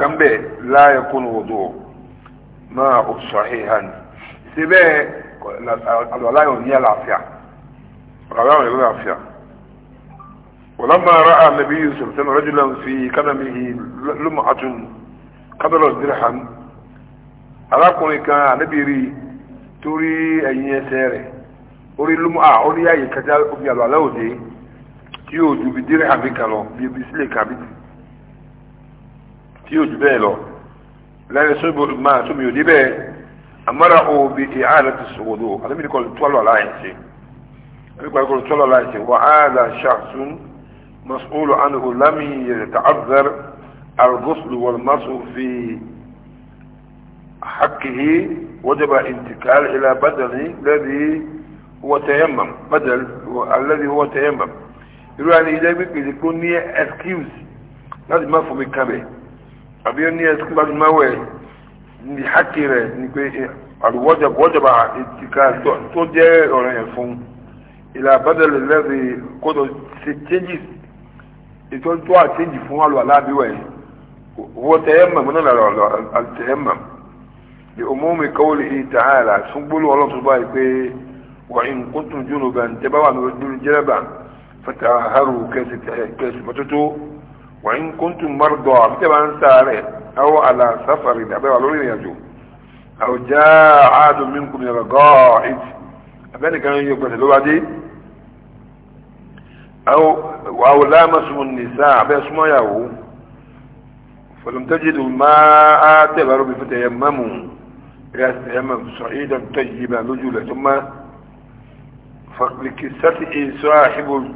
kan bẹ́ẹ̀ la yakunu wudu ma sahihan síbẹ̀ àlùwàlá yóò ní àlàáfíà àlùwàlá yóò ní àlàáfíà ولما رأى النبي صلى الله عليه وسلم رجلا في قدمه لمعة قدر الدرهم arákùnrin kan ànábì rí torí ẹ̀yìn ẹsẹ̀ rẹ̀ orí lúmọ́ à ó ní àyè kájá omi àlọ́ àlọ́ òde tí yóò ju bí dírẹ́ àbí kan lọ bí ibi sílẹ̀ kan bí tí yóò ju bẹ́ẹ̀ lọ lẹ́yìn sóbì máa tóbi òdi bẹ́ẹ̀ amára òbí ìhànà ti sòwòdò àtàbí kọ́ tọ́lọ̀ láyẹ̀nsì àbí kọ́ tọ́lọ̀ láyẹ̀nsì wà á dà ṣàṣùn mas'ulu anhu lami yẹ̀rẹ̀ ta'azzar al-ghuslu wal masu fi حقه وجب انتقال الى بدل الذي هو تيمم بدل هو الذي هو تيمم يقول يعني اذا بيكون نيه اكسكيوز لازم مفهوم الكبه àbí ó ní ẹsùn gbàdú mẹwẹ ní hákì rẹ ni pé àlùwọ́jọba ìtìká tó jẹ́ ọ̀rẹ́ yẹn fún ìlà bàdàlẹ̀ lẹ́sìn kódò ṣe changes ìtọ́jú tó àtẹ́jì fún àlọ́ aláàbíwẹ̀ wọ́n tẹ́yẹ̀mọ̀ mọ́nà lọ́rọ̀ àtẹ́yẹ̀mọ̀ di umumi qawlihi ta'ala sun gbólú ọlọ́tún báyìí pé wa in kuntum junuban tẹ́bá wà ní ojú jẹ́rẹ̀bà fataharu kẹsì mọ́tótó وإن كنتم مرضى بتبعا سارع أو على سفر أبي ولولي يجو أو جاء عاد منكم من الغائد كان كانوا يقبل الوعدي أو أو لامسوا النساء أبي اسمه يهو فلم تجدوا الماء تبروا فتيمموا يتيمم صعيدا طيبا نجولا ثم فلكسته صاحب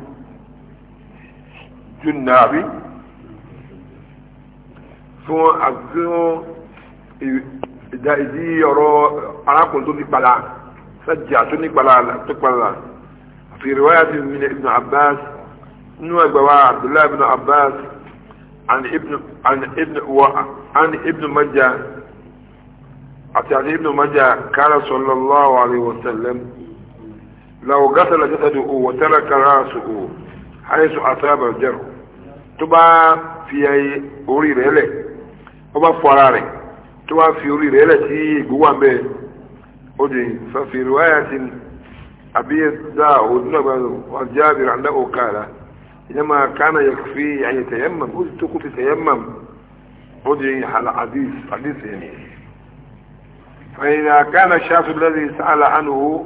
الجنة tí wọ́n àti wọ́n ìdá ìdí ọ̀rọ̀ arákùnrin tó ní kpala sájà tó ní kpala tó kpala fi riwaya ti min ibn abbas nínú ẹgbẹ́ wa abdullahi ibn abbas an ibn an ibn wa an ibn majah àti àti ibn majah kára sallallahu alayhi wa sallam law ghasala jasadahu wa taraka ra'sahu haythu asaba al-jarh tó bá fi orí rẹ̀ lẹ̀ ó bá fọ ara rẹ̀ tó wá fi orí rẹ̀ lẹ̀ sí ìgbówà mẹ́ ó di fàfi riwaya ti àbí ẹ̀dá òdún náà gbàdọ̀ wà jábìrì aláwọ̀ káàlà ìyẹn máa kánà yẹ fi àyè tẹ̀yẹ́màm ó sì tó kó fi tẹ̀yẹ́màm ó di àlà كان الشافعي الذي سأل عنه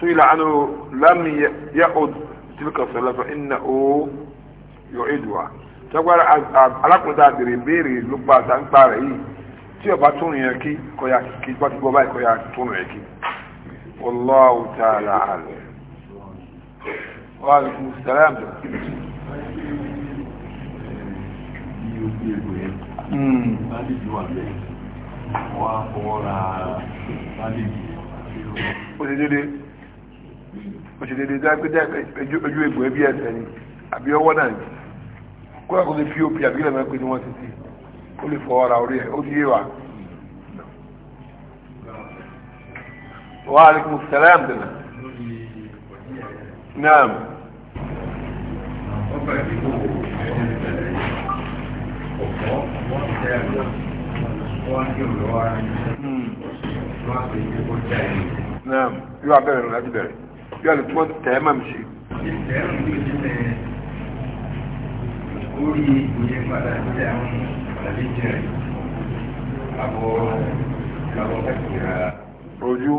سئل عنه لم يعد تلك الصلاة فإنه يعيدها tọ́gbára alákùnrin àbèrè béèrè ló gba rẹ̀ yìí tí ọba tún yẹn kí kọyà kí bá ti gbọ́ báyìí kọyà tún yẹn kí dédé dédé ojú egbò ẹbí ẹsẹ ni àbí kódà kó lè fi òpì àbílẹ̀ mẹ́pẹ́ ni wọ́n ti ti ó lè fọ ara orí ẹ̀ ó ti yé wa. wa alaikum salam dana. naam. ọba naam yóò abẹ́rẹ́ rẹ̀ láti bẹ̀rẹ̀ yóò lè tún tẹ́ ẹ̀ máa mi ṣe lórí ìyẹn padà sí àwọn àlejò rẹ̀ àbọ̀ àbọ̀ kàkìrà ojú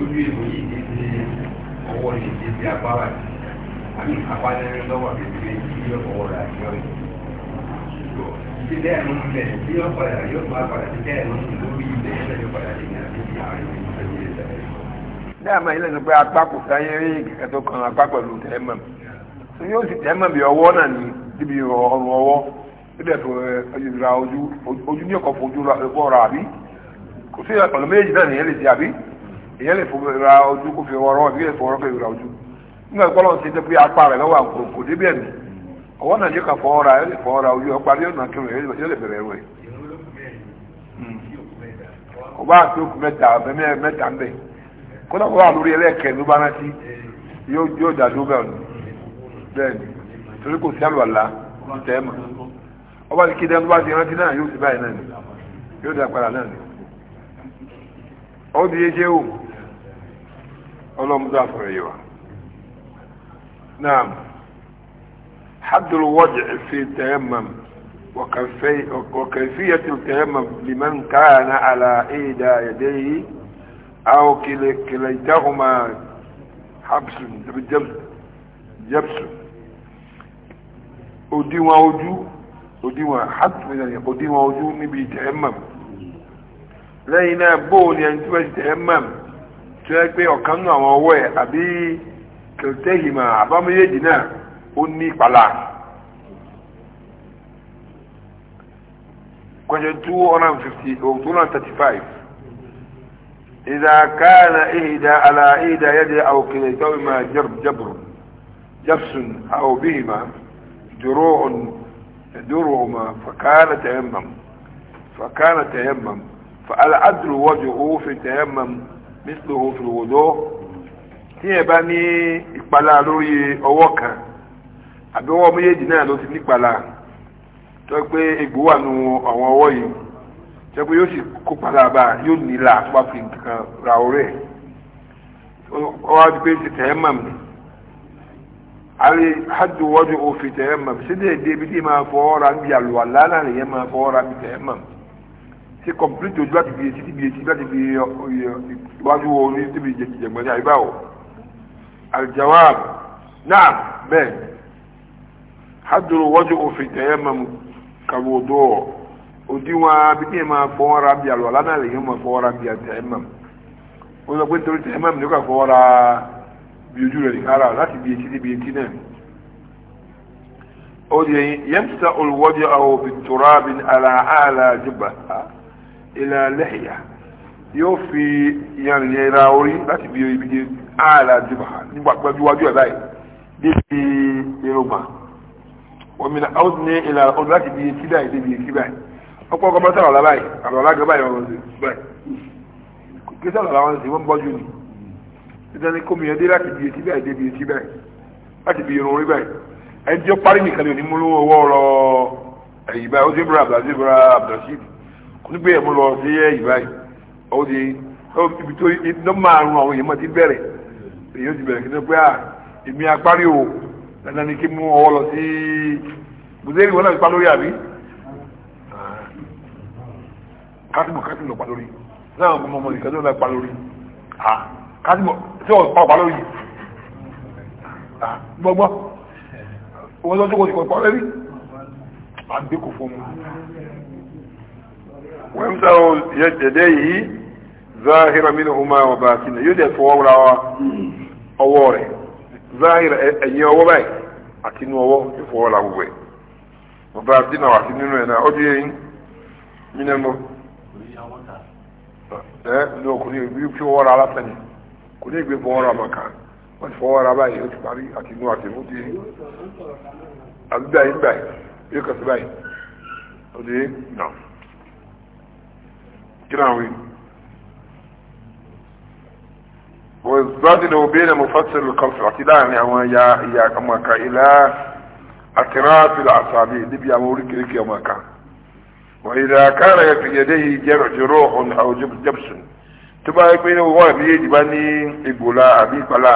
ojú ìwé yìí ti ọwọ́ ní ti ti apára àmì apálẹ́rẹ́ lọ́wọ́ kékeré tí yóò fọwọ́ rà yọ ẹ̀ ti bẹ́ẹ̀ ló ń bẹ̀ tí yóò padà yóò máa padà ti bẹ́ẹ̀ ló ń lórí ilẹ̀ ẹ̀rọ yóò padà lè ní àti ti àárín ìgbésẹ̀ yìí lẹ́yìn. ní àmọ́ ilé ìlú pé apá kò sáyé rí kẹ̀kẹ́ tó kan apá pẹ̀lú tẹ́lẹ̀ mọ̀. yóò sì tẹ́ mọ̀ bí ọwọ́ náà n'i níbi ọrùn ọwọ́ níbẹ̀ tó ìrà ojú ojú ní ọkọ̀ fojú ọ̀rọ̀ àbí kò sí ọ̀nà méjì náà nìyẹn lè ṣe àbí èyàn lè fòmìnira ojú kó fi ọwọ́ ìbí ẹ̀fọ́ ọ̀rọ̀ ìrà ojú nígbà gbọ́dọ̀ ṣe jẹ́ pé apá rẹ̀ lọ́wọ́ àkùrọ̀ kò ọwọ́ náà yóò kà fọ́ fọ́ ojú ọ̀pá yóò nà bẹ́ẹ̀ni torí kò sí àlùwàlá tẹ́ẹ̀mà ọba ti kéde ẹnu bá ti rántí náà yóò ti báyìí náà ni yóò dá padà náà ni ọdún yé jẹ́ òun ọlọ́mọdé àfọ̀rọ̀ yìí wa náà haddul wajh fi tayammum وكيفية التيمم لمن كان على إيدى يديه أو كليتهما حبس جبس جبس òdiwọ̀n ojú òdiwọ̀n hàtùmílẹ̀ òdiwọ̀n ojú níbi ìtẹ̀ẹ́mọ̀m lẹ́yìn náà bóòlù ẹni tí wọ́n ti tẹ̀ẹ́mọ̀m tí wọ́n pé ọ̀kan nù àwọn ọwọ́ ẹ̀ àbí kìrìtẹ́hìmà àbámúyéjì náà ó ní ìpàlà question 250 or 235 إذا كان إهدى على إهدى يدي أو كليتهما جبر جبر جبس أو بهما دروع درعما فكان تيمم فكان تيمم فالعدل وجهه في التيمم مثله في الوضوء tí ẹ bá ní ìpalá lórí ọwọ́ kan àbí ọwọ́ méjèèjì náà ló ti nípalá tó pé egbò wà nù àwọn ọwọ́ yìí tó pé علي حد وجهه في تيمم سيدي دي بدي ما فورا بيا الولا لا لا ما فورا بتيمم سي كومبليت وجو لاتي بي سيدي بي سيدي لاتي بي واجو ني تبي جي جي ما جاي باو الجواب نعم بين حد وجهه في تيمم كوضوء وديوا بدي ما فورا بيا الولا لا لا ما فورا بيا تيمم ولا كنت تيمم نيكا فورا بيجو لي كارا bí etí níbi etí náà ó di ẹyin yẹmsa olùwọ́dí àwọn òbí tóra bí àlàáhàlà jùbà ilà lẹ́yà yóò fi ìyànìyàn ra orí láti bí ibi di àlà jùbà nígbà pẹ̀lú wájú ẹ̀ báyìí débi yorùbá wọ́n mi náà ó ní ilà ọdún láti bí etí báyìí débi etí báyìí ọ̀pọ̀ ọkọ̀ mọ́tàlá báyìí àbọ̀ alága báyìí ọ̀rọ̀ sí báyìí kí sọ̀rọ̀ làwọn sì wọ́n bọ́jú ni ìdáni kómi yẹn dé láti bi etí báyìí débi etí báyìí láti bi irun orí báyìí ẹni tí ó parí nìkan ni ò ní mú lówó ọwọ́ rọ ẹ̀yìn báyìí ó ti bra abdulazibra abdulrasheed kò ní gbé ẹ̀mú lọ sí ẹ̀yìn báyìí ó di ibi tó iná máa rún àwọn èèyàn máa ti bẹ̀rẹ̀ èyí ó ti bẹ̀rẹ̀ kí ní pé à èmi apárí o dandan ni kí mú ọwọ́ lọ sí bùdérì wọn náà ti pa lórí àbí kátìmọ̀ pa lórí náà ọmọ ọmọ nìkan tó náà pa lórí kátìmọ̀ tí o pàpà lórí gbogbo owó lọ́jọ́ kò sí pàpà lórí a gbé fún un wọ́n ń sáré yẹ dẹ̀dẹ̀ yìí záhìrà mínú ọmọ àwọn bá ti yóò dẹ̀ fọwọ́ ra wa ọwọ́ rẹ̀ záhìrà ẹ̀yìn ọwọ́ báyìí àti inú ọwọ́ tó fọwọ́ ra gbogbo ẹ̀ ọba ti nà nínú ẹ̀ náà ó dúró yín mí nà mọ́ ẹ̀ ní ọkùnrin ìbí fi kò ní ìgbé fọwọ́ra màkà wọ́n ti fọwọ́ra báyìí ó ti parí àti inú àti inú ti àdúgbà yìí báyìí yóò kàn sí báyìí ó di nà kí náà wí. wọ́n zádìí ní obìnrin náà mo fásitì kọ́fì àti láàrin àwọn ẹ̀yà ìyá ọmọọ̀ka ilá àtìráàtì àtàbí níbi àwọn oríkèéríkèé ọmọọ̀ka. وإذا كان في يديه جرح أو جبس tó bá yẹ pé wọ́n àbí èjì bá ní egbòla àbí ìpalà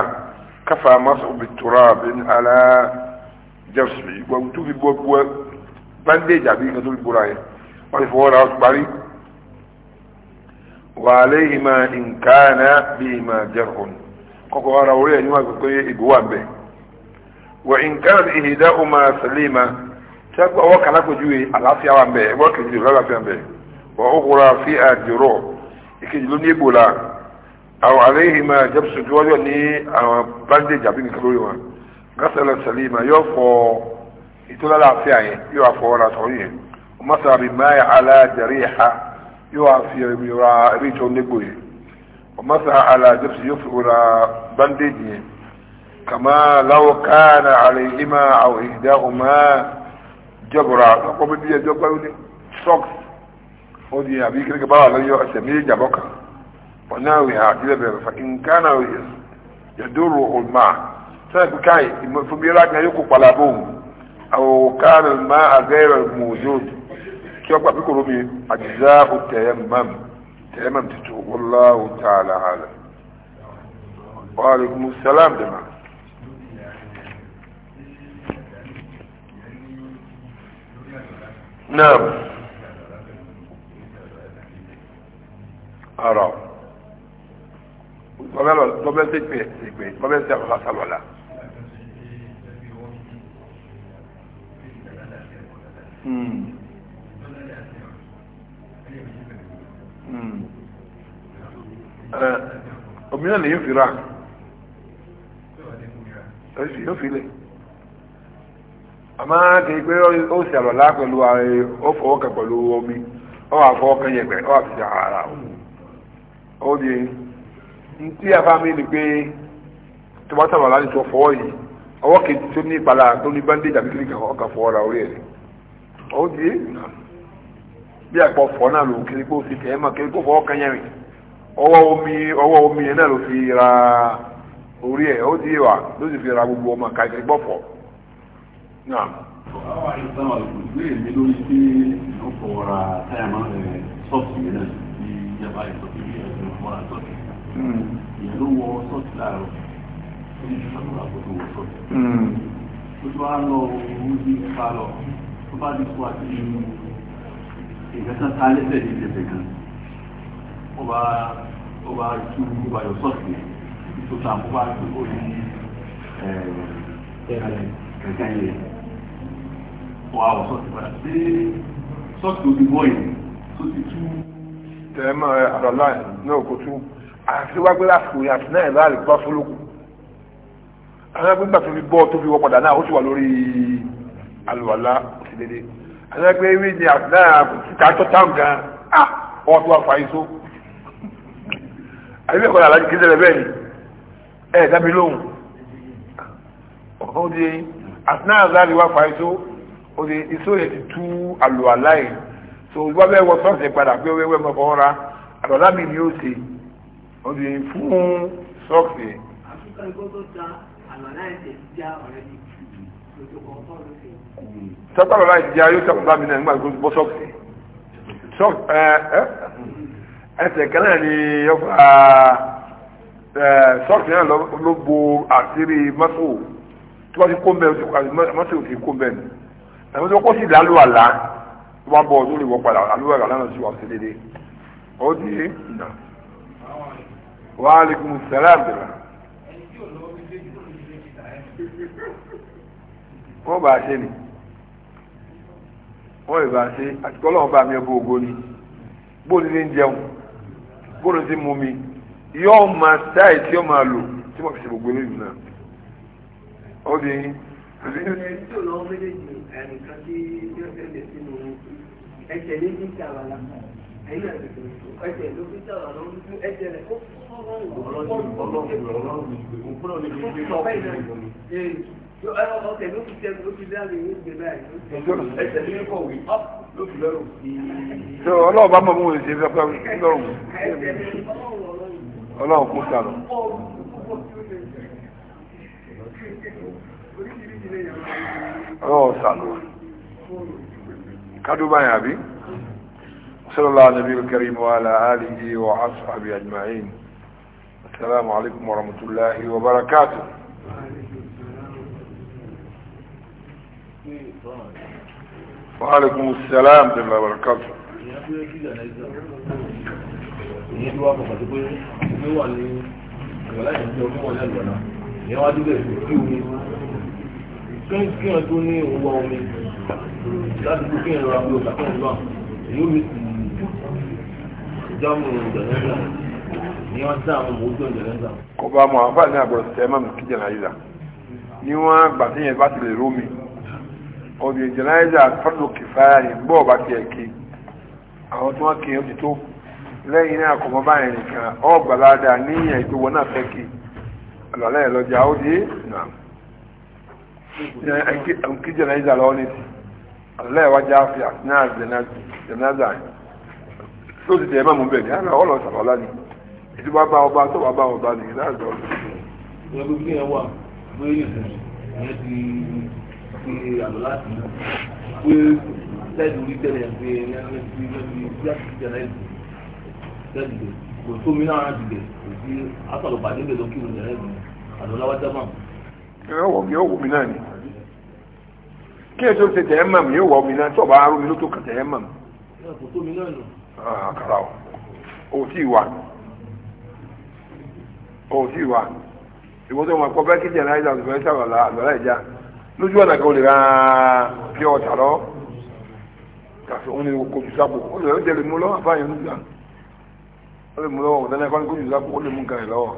káfà mọ́sọ̀bì tóra àbí alá jẹ́sùn ìgbọ̀n tó fi bọ́ gbọ́ bandage àbí nǹkan tó fi bọ́ra yẹn wọ́n ti fọwọ́ ra ọ́ parí. wà á lé ìmọ̀ nǹkan bí ìmọ̀ jẹ́kùn kọ́kọ́ ara orí ẹ̀ níwọ̀n pé ìgbò wà bẹ̀. wà nǹkan ìhìdá ọmọ sàlíma tí wọ́n kàlákòjú àlàáfíà wà bẹ̀ ẹgbẹ́ kejì lọ́láfíà bẹ̀ wà ó kóra ìkejì ló ní ègbò la àwọn àléhìn máa jẹ́pùsù tí wọ́n yọ ní àwọn bandage àbí nìkan lórí wọn gásẹ̀lẹ̀ sẹ̀lìmà yóò fọ ìtura láàfíà yẹn yóò àfọ ọ̀rọ̀ àtọ̀rọ̀ yẹn ọmọ sàbí máa alájẹrí ha yóò àfi ìrora ẹbí tó nígbò yẹn ọmọ sàbí alájẹpùsù yóò fi ìrora bandage yẹn kàmá láwọ káàna àléhìn máa àwọn ìdá ọmọ jẹ́bùrà àtọ̀kọ́ bí bí ẹjọ́ pẹ́ ودي ابي كده بقى لا يو اسمي جابوكا وناوي ها كده بقى فان كان يدور الماء طيب كاي فبيرا يكو قلابون او كان الماء غير الموجود كيو بقى بيكو رومي اجزاء التيمم تيمم تتو والله تعالى عالم وعليكم السلام جماعة نعم no. ara o tọ́bẹ̀ ṣe pè ṣègbè tọ́bẹ̀ ṣe àwọn asàlọ́lá. Mm. Mm. Uh, òmíràn ni yóò fi ra ẹ̀sì yóò fi pé ó ṣàlọ́lá pẹ̀lú ó fọwọ́ kan pẹ̀lú omi ó wà fọwọ́ kan ó wà fi ṣe ara o. ó di ntí afáàmì ni pé tí wọ́n sábà láti sọ fọ́ yìí ọwọ́ kejì tó ní ìpàlà tó ní bandage àbí kiri kan ọkà fọ́ ra orí ẹ̀ ó di bí àpọ̀ fọ́ náà ló kiri kó fi tẹ̀ ẹ́ mà kiri kó fọ́ ọkàn yẹn rìn ọwọ́ omi ọwọ́ omi yẹn náà ló fi ra orí ẹ̀ ó di wa ló sì fi ra gbogbo ọmọ kàkiri bọ́ fọ́ náà àwọn àìsàn àlùkùnlé mi lórí pé ìlú kọ̀ọ̀ra táyà máa ń sọ́ọ̀tì yẹn náà ní yaba ìsọ̀tì yẹn Hmm. ìyá sọ́ọ̀tì láàárọ̀ ó àgbọ̀dọ̀ wọ sọ́ọ̀tì hmm. ó tún wá lọ òun ní palọ̀ tó bá ti kó àti ìgbẹ́sán ta lẹ́sẹ̀ ní ìjẹ̀bẹ̀ kan ó bá tú gbogbo sọ́ọ̀tì tó ta kó bá tó eh, ó ní kẹ̀kẹ́ yẹn wà wọ sọ́ọ̀tì padà sí sọ́ọ̀tì òdìbọ̀ yìí tó ti tú. tẹ́ ẹ máa àdàlá náà kó tú àti wá pé lásìkò yẹn àti náà ẹ̀ láàrin gbá fọlọ́kù àwọn ẹgbẹ́ gbà tó fi bọ́ tó fi wọ́ padà náà ó sì wà lórí àlùwàlá òsì dédé àwọn ẹgbẹ́ ewé ni àti náà kíkà tó táwọn gan ah wọ́n tó wà fà yín só àbí bẹ́ẹ̀ kọ́ làlájú kí sẹ́lẹ̀ bẹ́ẹ̀ ni ẹ̀ dábì lóhùn ó di àti náà láàrin wà fà yín só ó di iṣó yẹn ti tú àlùwàlá yìí so wọ́n bẹ́ẹ̀ wọ sọ́ọ̀sì ó di fún sọ́ọ̀kì ẹ̀. àtúntà ìgbọ́dọ̀ ta àlàlá ẹ̀jẹ̀ já ọ̀rẹ́ mi sọ́kàlọ́ láì jẹ́ ayé sọ́kàlọ́ láì bínú ẹ̀gbọ́n àgbọ̀n bọ́ sọ́ọ̀kì sọ́ọ̀kì ẹsẹ̀ kan náà ni ọ̀fà sọ́ọ̀kì náà ló bo àṣírí mọ́tò tí wọ́n ti kó mbẹ́ mọ́tò ti kó mbẹ́ nù ẹ̀mí tó kó sì dálú àlá tó bá bọ̀ ọdún lè wọ́ padà àlúwẹ̀ àlá náà sì wà sí déédéé ó di nà wa alaikum salam dira wọ́n bá ṣe ni wọ́n ìbá ṣe àti kọ́lọ́wọ́n bá mi ẹ gbogbo ni bóòlù ní jẹun bóòlù ti mú mi yóò máa sáì tí ó máa lò tí mo fi ṣe gbogbo eléyìí náà ó di. ẹ̀sẹ̀ lé ní ìjà wà ẹ̀jẹ̀ ló fi sọ̀rọ̀ ló ń tún ẹ̀jẹ̀ rẹ̀ kó ọlọ́run ọlọ́run ọlọ́run òkúrò ní ibi tó ọ̀pẹ̀ ìlú ọ̀kẹ́ ló fi tẹ́ ló fi dáre ní ìgbé báyìí. ẹsẹ̀ ní kọ̀wé ọ́p ló fi lọ́rùn. ṣé ọlọ́run bá mọ̀ mú òun ṣe fẹ́ pẹ́ lọ́rùn. ọlọ́run kò sàlọ̀. ọlọ́run sàlọ̀. kádùbáyà bí. وصلى الله على النبي الكريم وعلى آله وأصحابه أجمعين السلام عليكم ورحمة الله وبركاته وعليكم السلام ورحمة الله وبركاته ìyẹn wá dúdú ẹ̀sùn kí omi kí wọ́n tó ní òwò omi láti kí wọ́n kọba mu àwọn ní àgbọ̀rọ̀ kí ni wọ́n gbà tí yẹn bá ti lè rómi ọ̀bì jẹnáyìíza fọ́nù kìfáyà ní bọ́ọ̀ bá ti ẹ̀ àwọn tí wọ́n kì í tó lẹ́yìn náà kọ̀mọ́ báyìí nìkan náà fẹ́ lọ́jà ó dé nà kí lọ́wọ́ ní ti náà yìí. ló ti tẹ̀ ẹ́ mọ̀mú bẹ́ẹ̀ ni àná ọ̀lọ́ sàkọ́lá ni ètò bá bá ọba tó bá bá ọba ni ìlà àjọ ọ̀lọ́. ìyẹ́bí kí ẹ wà pé ìyẹn ti fi àlọ́ láti pé sẹ́ẹ̀dì orí tẹ̀lé ẹ̀ pé ẹni tí wọ́n ti kò tó mi náà dìde kò sí àtọ̀lọ̀ lè lọ kí ìrìn rẹ̀ mi àlọ́ láwájá mọ̀. yóò wọ̀ yóò wù mí náà ni kí ẹ tó ṣe tẹ̀ ẹ́ mọ̀ mi yóò wọ̀ mí náà tó bá rú mi ló tó kà tẹ̀ ẹ́ mọ̀ mi. kò tó mi náà nù. Ah, àkàrà o ò tí ì wà ò tí ì wà ìwọ́n tó wọn kọ́ bẹ́ẹ̀ kí jẹ̀nà ìjà òṣùpẹ́ sàrọ̀lá àgbàlá ìjà lójú ọ̀nà kan olè rán fi ọ̀tà lọ kàfi òun ni kò jù sápò ó lè jẹ́ lè mú lọ́wọ́ àbáyé nígbà ó lè mú lọ́wọ́ ọ̀dánilẹ́kọ́ ni kò jù sápò ó lè mú nǹkan rẹ̀ lọ́wọ́.